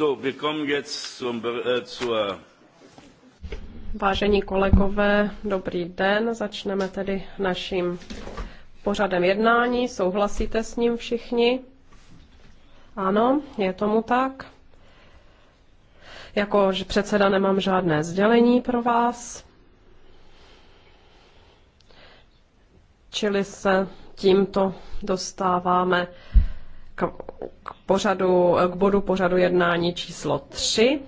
Äh, Vážení kolegové, dobrý den. Začneme tedy naším pořadem jednání. Souhlasíte s ním všichni? Ano, je tomu tak. Jako předseda nemám žádné sdělení pro vás. Čili se tímto dostáváme k pořadu, k bodu pořadu jednání číslo 3.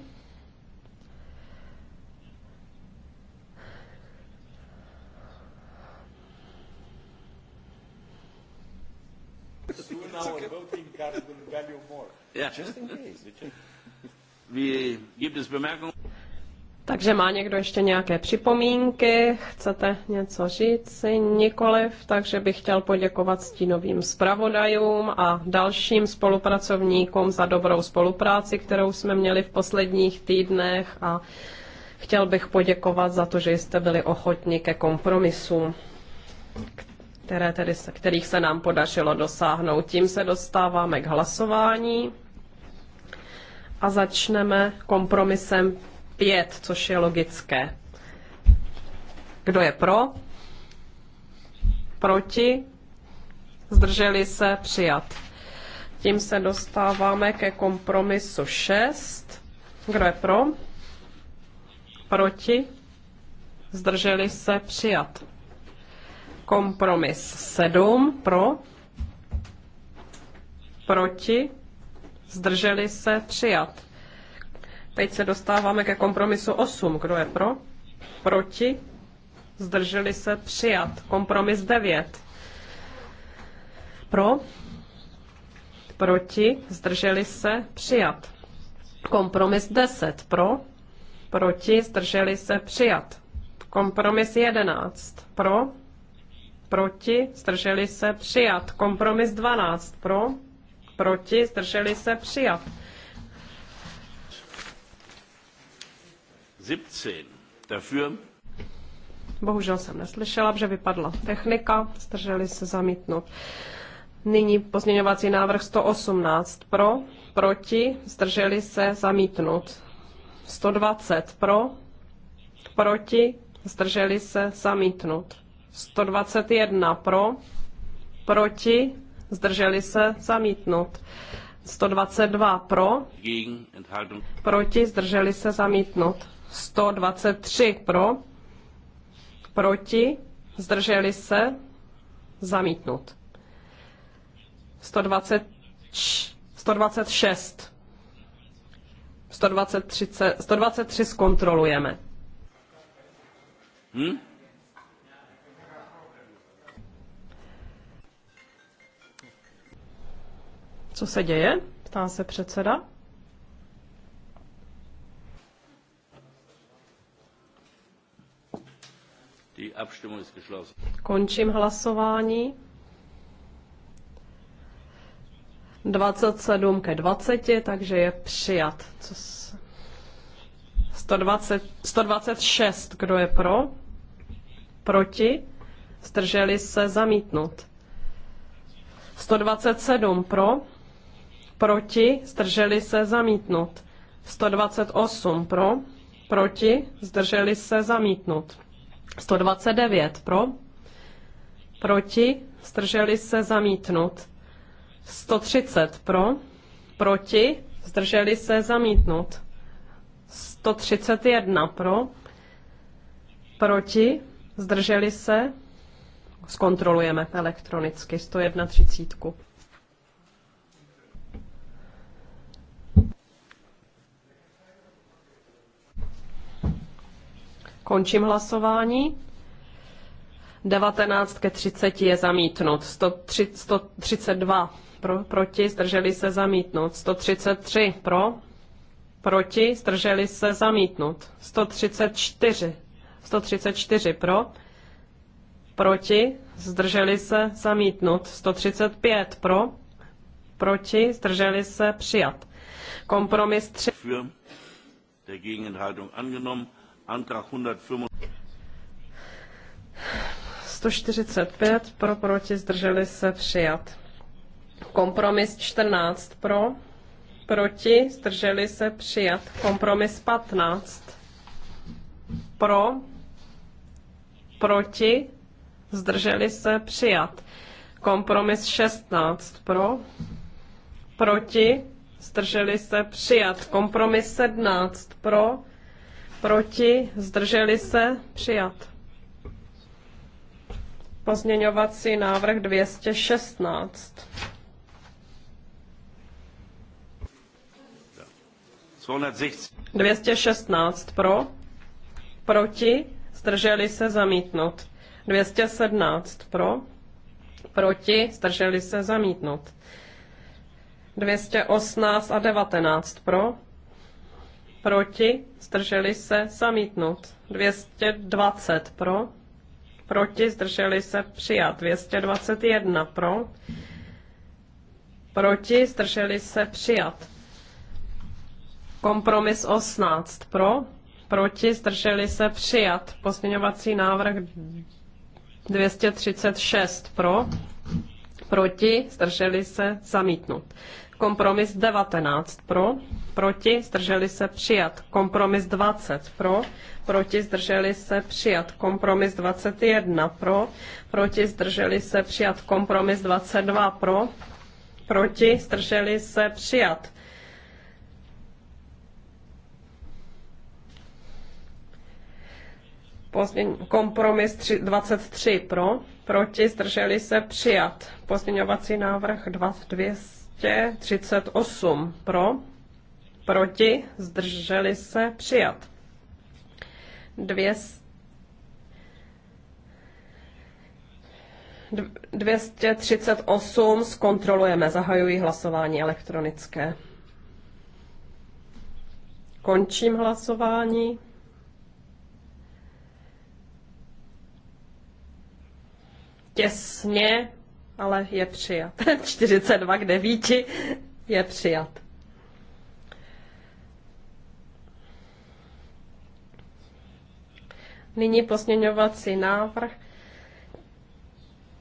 Yeah. Just in case. Wie gibt es Bemerkungen? Takže má někdo ještě nějaké připomínky? Chcete něco říct? Nikoliv, takže bych chtěl poděkovat stínovým zpravodajům a dalším spolupracovníkům za dobrou spolupráci, kterou jsme měli v posledních týdnech a chtěl bych poděkovat za to, že jste byli ochotni ke kompromisům, které tedy, kterých se nám podařilo dosáhnout. Tím se dostáváme k hlasování a začneme kompromisem 5, což je logické. Kdo je pro? Proti? Zdrželi se přijat. Tím se dostáváme ke kompromisu 6. Kdo je pro? Proti? Zdrželi se přijat. Kompromis 7 pro, proti, zdrželi se přijat. Teď se dostáváme ke kompromisu 8. Kdo je pro? Proti? Zdrželi se přijat. Kompromis 9. Pro? Proti? Zdrželi se přijat. Kompromis 10. Pro? Proti? Zdrželi se přijat. Kompromis 11. Pro? Proti? Zdrželi se přijat. Kompromis 12. Pro? Proti? Zdrželi se přijat. 17 dafür. Bohužel jsem neslyšela, že vypadla technika, zdrželi se zamítnout. Nyní pozměňovací návrh 118 pro, proti, zdrželi se zamítnout. 120 pro, proti, zdrželi se zamítnout. 121 pro, proti, zdrželi se zamítnout. 122 pro, proti, zdrželi se zamítnout. 123 pro, proti, zdrželi se, zamítnut. 120, 126. 123, 123 zkontrolujeme. Hm? Co se děje? Ptá se předseda. Končím hlasování. 27 ke 20, takže je přijat. 120, 126, kdo je pro? Proti? Zdrželi se zamítnut. 127 pro? Proti? Zdrželi se zamítnut. 128 pro? Proti? Zdrželi se zamítnut. 129 pro, proti, zdrželi se zamítnut. 130 pro, proti, zdrželi se zamítnut. 131 pro, proti, zdrželi se, zkontrolujeme elektronicky 131. Končím hlasování. 19 ke 30 je zamítnut. 132 pro, proti, zdrželi se zamítnout. 133 pro, proti, zdrželi se zamítnout. 134, 134 pro, proti, zdrželi se zamítnout. 135 pro, proti, zdrželi se přijat. Kompromis 3. Antrag 145 pro, proti, zdrželi se přijat. Kompromis 14 pro, proti, zdrželi se přijat. Kompromis 15 pro, proti, zdrželi se přijat. Kompromis 16 pro, proti, zdrželi se přijat. Kompromis 17 pro, Proti? Zdrželi se? Přijat. Pozměňovací návrh 216. Dvěstě 216 pro, proti, zdrželi se zamítnout. 217 pro, proti, zdrželi se zamítnout. 218 a 19 pro, proti, zdrželi se, zamítnut. 220 pro, proti, zdrželi se, přijat. 221 pro, proti, zdrželi se, přijat. Kompromis 18 pro, proti, zdrželi se, přijat. Pozměňovací návrh 236 pro, proti, zdrželi se, zamítnut. Kompromis 19 pro, proti, zdrželi se přijat. Kompromis 20 pro, proti, zdrželi se přijat. Kompromis 21 pro, proti, zdrželi se přijat. Kompromis 22 pro, proti, zdrželi se přijat. kompromis 23 pro, proti zdrželi se přijat. Pozměňovací návrh 22 238 pro, proti, zdrželi se, přijat. 200 238 zkontrolujeme, zahajuji hlasování elektronické. Končím hlasování. Těsně ale je přijat. 42 k 9 je přijat. Nyní posměňovací návrh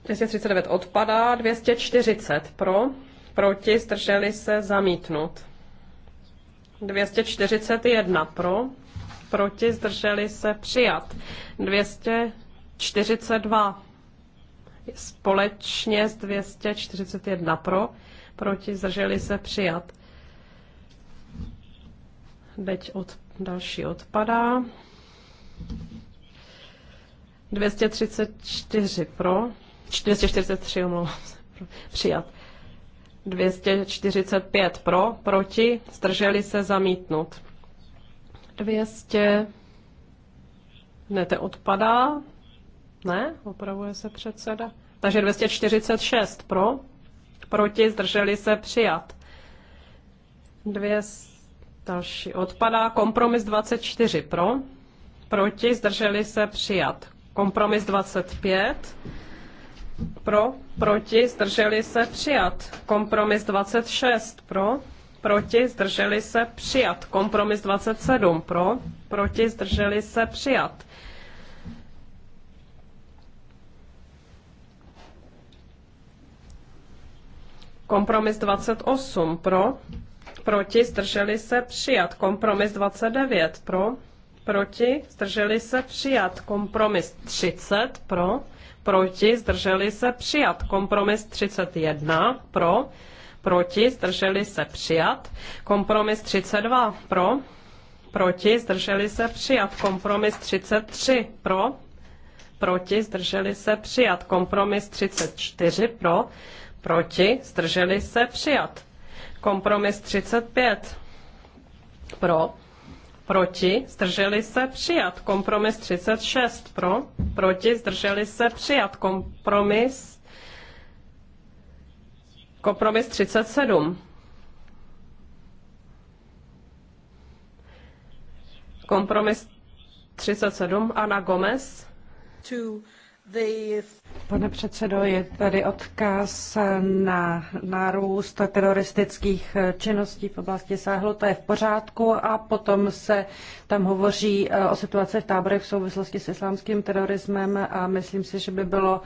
239 odpadá, 240 pro, proti, zdrželi se, zamítnut. 241 pro, proti, zdrželi se, přijat. 242 společně s 241 pro, proti zdrželi se přijat. Teď od, další odpadá. 234 pro, 243 omlouvám se, přijat. 245 pro, proti, zdrželi se zamítnut. 200, ne, to odpadá, ne, opravuje se předseda. Takže 246 pro, proti, zdrželi se přijat. Dvě další odpadá. Kompromis 24 pro, proti, zdrželi se přijat. Kompromis 25 pro, proti, zdrželi se přijat. Kompromis 26 pro, proti, zdrželi se přijat. Kompromis 27 pro, proti, zdrželi se přijat. Kompromis 28 pro, proti, zdrželi se přijat. Kompromis 29 pro, proti, zdrželi se přijat. Kompromis 30 pro, proti, zdrželi se přijat. Kompromis 31 pro, proti, zdrželi se přijat. Kompromis 32 pro, proti, zdrželi se přijat. Kompromis 33 pro, proti, zdrželi se přijat. Kompromis 34 pro, Proti? Zdrželi se? Přijat. Kompromis 35. Pro? Proti? Zdrželi se? Přijat. Kompromis 36. Pro? Proti? Zdrželi se? Přijat. Kompromis Kompromis 37. Kompromis 37. Ana Gomez. Two. Pane předsedo, je tady odkaz na nárůst teroristických činností v oblasti Sáhlu, to je v pořádku a potom se tam hovoří eh, o situaci v táborech v souvislosti s islámským terorismem a myslím si, že by bylo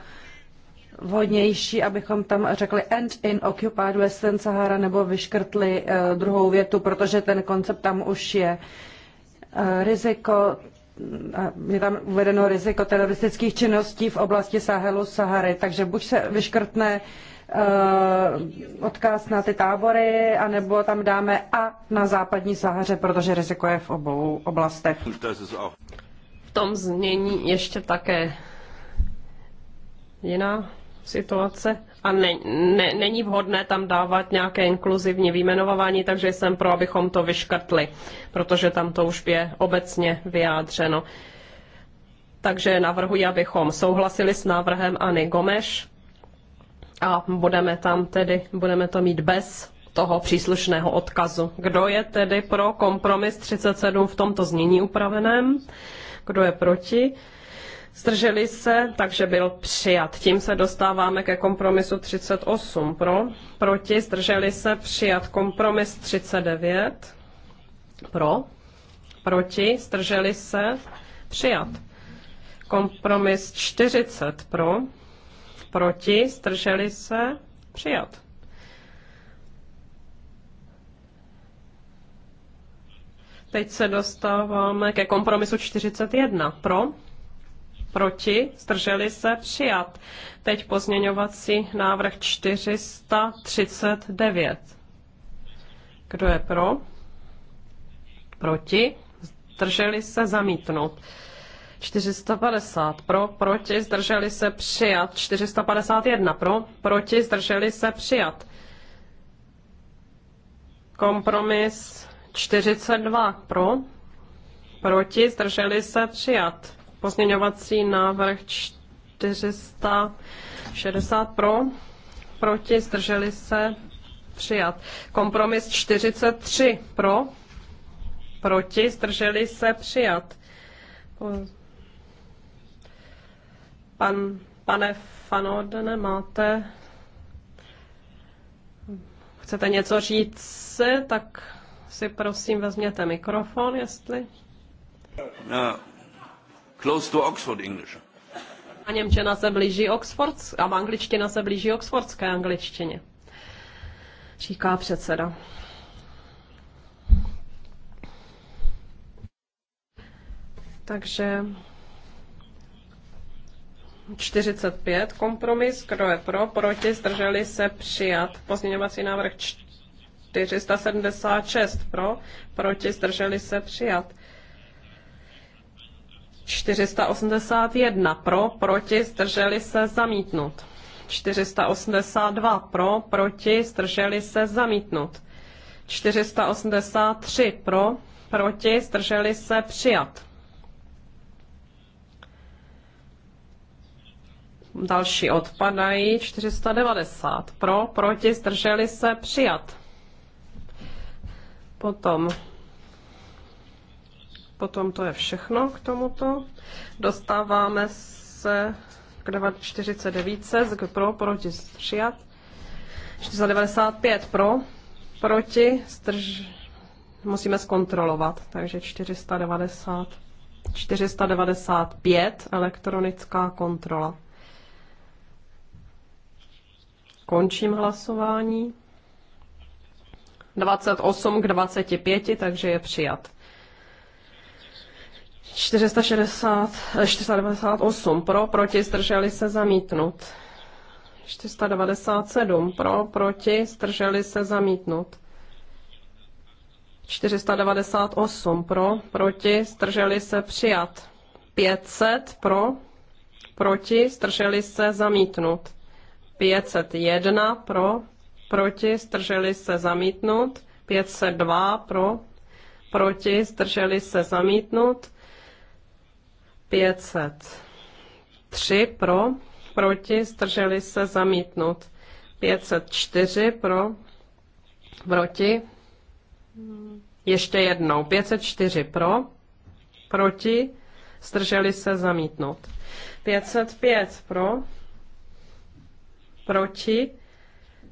vhodnější, abychom tam řekli end in occupied Western Sahara nebo vyškrtli eh, druhou větu, protože ten koncept tam už je. Eh, riziko je tam uvedeno riziko teroristických činností v oblasti Sahelu Sahary, takže buď se vyškrtne eh, odkaz na ty tábory, anebo tam dáme a na západní Sahaře, protože riziko je v obou oblastech. V tom znění ještě také jiná situace a ne, ne, není vhodné tam dávat nějaké inkluzivní výjmenování, takže jsem pro, abychom to vyškrtli, protože tam to už je obecně vyjádřeno. Takže navrhuji, abychom souhlasili s návrhem Ani Gomeš a budeme tam tedy, budeme to mít bez toho příslušného odkazu. Kdo je tedy pro kompromis 37 v tomto znění upraveném? Kdo je proti? Zdrželi se, takže byl přijat. Tím se dostáváme ke kompromisu 38 pro, proti, zdrželi se, přijat kompromis 39 pro, proti, zdrželi se, přijat. Kompromis 40 pro, proti, zdrželi se, přijat. Teď se dostáváme ke kompromisu 41 pro, proti, zdrželi se, přijat. Teď pozměňovací návrh 439. Kdo je pro? Proti, zdrželi se, zamítnout. 450 pro, proti, zdrželi se, přijat. 451 pro, proti, zdrželi se, přijat. Kompromis 42 pro, proti, zdrželi se, přijat. Pozměňovací návrh 460 pro, proti, zdrželi se, přijat. Kompromis 43 pro, proti, zdrželi se, přijat. Pan, pane Fanodene, máte... Chcete něco říct tak si prosím vezměte mikrofon, jestli... No, close to Oxford English. A Němčina se blíží Oxford a angličtina se blíží oxfordské angličtině, říká předseda. Takže 45 kompromis, kdo je pro, proti, zdrželi se přijat. Pozměňovací návrh 476 pro, proti, zdrželi se přijat. 481 pro, proti, zdrželi se zamítnut. 482 pro, proti, zdrželi se zamítnut. 483 pro, proti, zdrželi se přijat. Další odpadají 490 pro, proti, zdrželi se přijat. Potom Potom to je všechno k tomuto. Dostáváme se k 49 pro, proti přijat. 495 pro, proti, strž, musíme zkontrolovat, takže 490, 495 elektronická kontrola. Končím hlasování. 28 k 25, takže je přijat. 498 eh, pro, proti, zdrželi se zamítnut. 497 pro, proti, zdrželi se zamítnut. 498 pro, proti, zdrželi se přijat. 500 pro, proti, zdrželi se zamítnut. 501 pro, proti, zdrželi se zamítnut. 502 pro, proti, zdrželi se zamítnut. 503 pro, proti, zdrželi se zamítnout. 504 pro, proti, ještě jednou. 504 pro, proti, zdrželi se zamítnout. 505 pro, proti,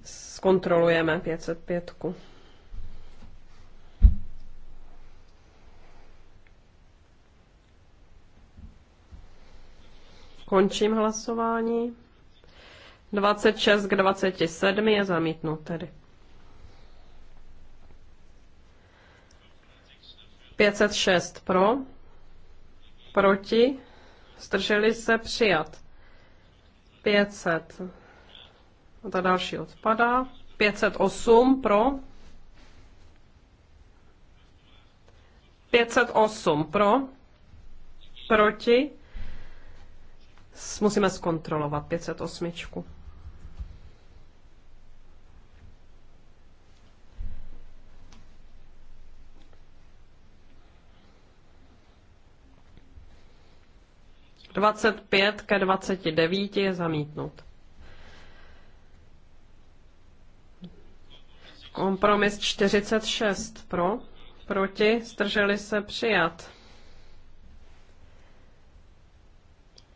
zkontrolujeme 505. -ku. Končím hlasování. 26 k 27 je zamítnut tedy. 506 pro, proti, strželi se přijat. 500. A ta další odpadá. 508 pro. 508 pro. Proti. Musíme zkontrolovat 508. Dvacet pět ke dvaceti devíti je zamítnut. Kompromis čtyřicet šest pro, proti, strželi se přijat.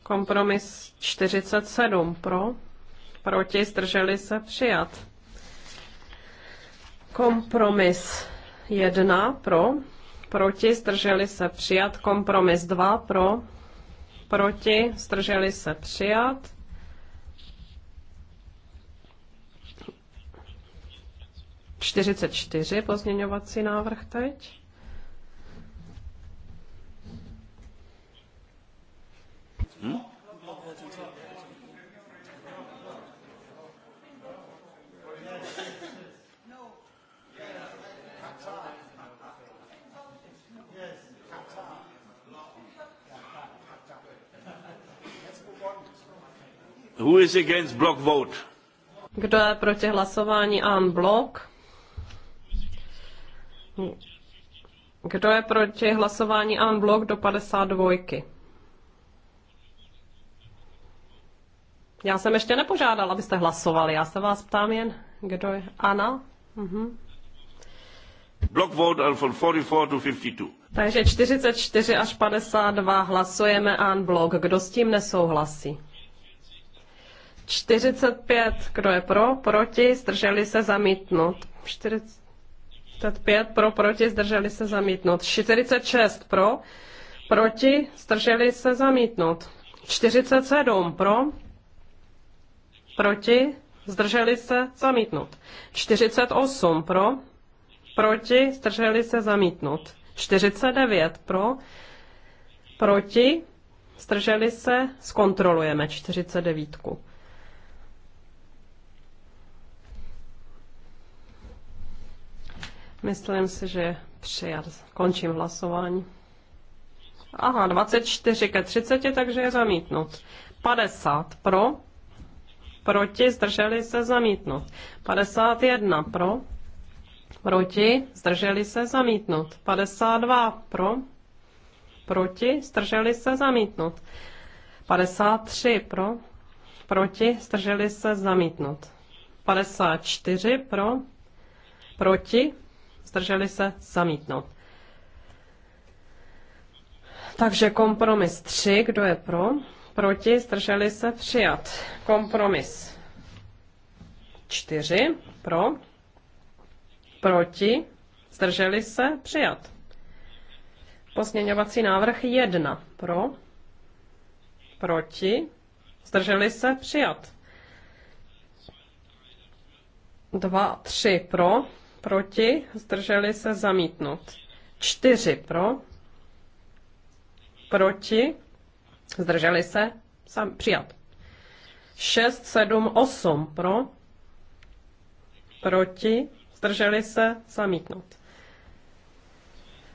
Kompromis 47 pro, proti, zdrželi se přijat. Kompromis 1 pro, proti, zdrželi se přijat. Kompromis 2 pro, proti, zdrželi se přijat. Čtyřicet čtyři pozměňovací návrh teď. Hm? Who is against block vote? Kdo je proti hlasování en blok? Kdo je proti hlasování en blok do 52? Já jsem ještě nepožádal, abyste hlasovali. Já se vás ptám jen, kdo je... Ana? Mhm. Block vote from 44 to 52. Takže 44 až 52 hlasujeme an blok. Kdo s tím nesouhlasí? 45, kdo je pro, proti, zdrželi se zamítnout. 45 pro, proti, zdrželi se zamítnout. 46 pro, proti, zdrželi se zamítnout. 47 pro, proti, zdrželi se, zamítnut. 48 pro, proti, zdrželi se, zamítnut. 49 pro, proti, zdrželi se, zkontrolujeme 49. Myslím si, že přijat. Končím hlasování. Aha, 24 ke 30, takže je zamítnut. 50 pro, proti, zdrželi se zamítnout. 51 pro, proti, zdrželi se zamítnout. 52 pro, proti, zdrželi se zamítnout. 53 pro, proti, zdrželi se zamítnout. 54 pro, proti, zdrželi se zamítnout. Takže kompromis 3, kdo je pro, proti, zdrželi se, přijat. Kompromis 4, pro, proti, zdrželi se, přijat. Posměňovací návrh 1, pro, proti, zdrželi se, přijat. 2, 3 pro, proti, zdrželi se zamítnout. 4 pro, proti, Zdrželi se? Sam, přijat. 6, 7, 8 pro. Proti. Zdrželi se? Zamítnout.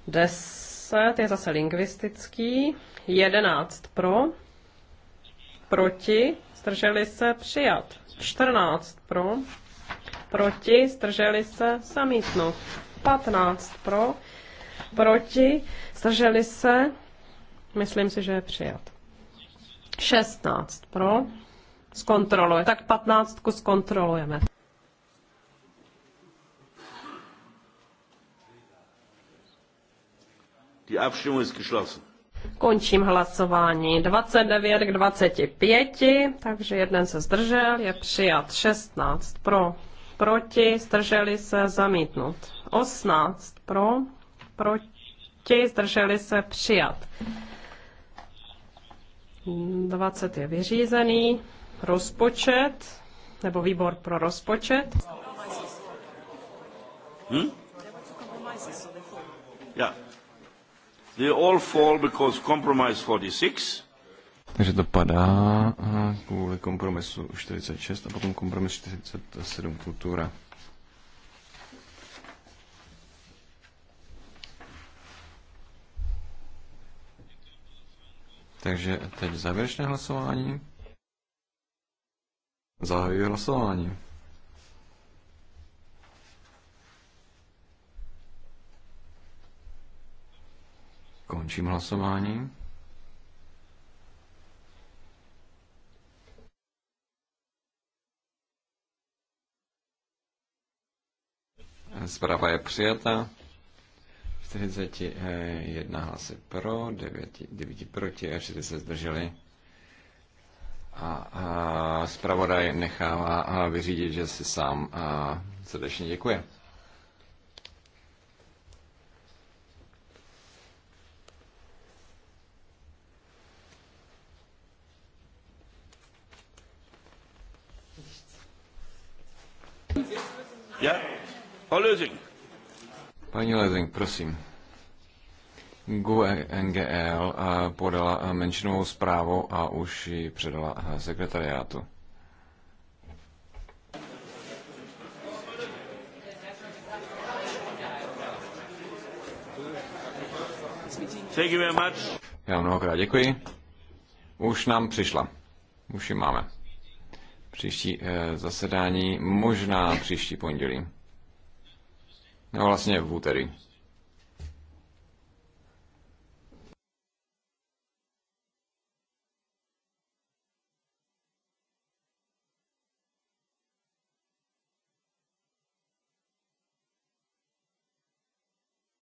10 je zase lingvistický. 11 pro. Proti. Zdrželi se? Přijat. 14 pro. Proti. Zdrželi se? Zamítnout. 15 pro. Proti. Zdrželi se? Myslím si, že je přijat. 16 pro. Zkontroluje. Tak 15 zkontrolujeme. Die Abstimmung ist geschlossen. Končím hlasování 29 k 25, takže jeden se zdržel, je přijat 16 pro, proti, zdrželi se zamítnut 18 pro, proti, zdrželi se přijat. 20 je vyřízený. Rozpočet, nebo výbor pro rozpočet. Hmm? Yeah. They all fall because compromise 46. Takže to padá eh, kvůli kompromisu 46 a potom kompromis 47 kultura. Takže teď závěrečné hlasování. Zahajuji hlasování. Končím hlasování. Zpráva je přijata. 41 hlasy pro, 9, 9 proti a 4 se zdrželi. A, a zpravodaj nechává vyřídit, že si sám a, srdečně děkuje. Yeah, or losing. Paní Lezing, prosím. GUNGL eh, podala eh, menšinovou zprávu a už ji předala eh, sekretariátu. Thank you very much. Já mnohokrát děkuji. Už nám přišla. Už ji máme. Příští zasedání, možná příští pondělí. No vlastně v úterý.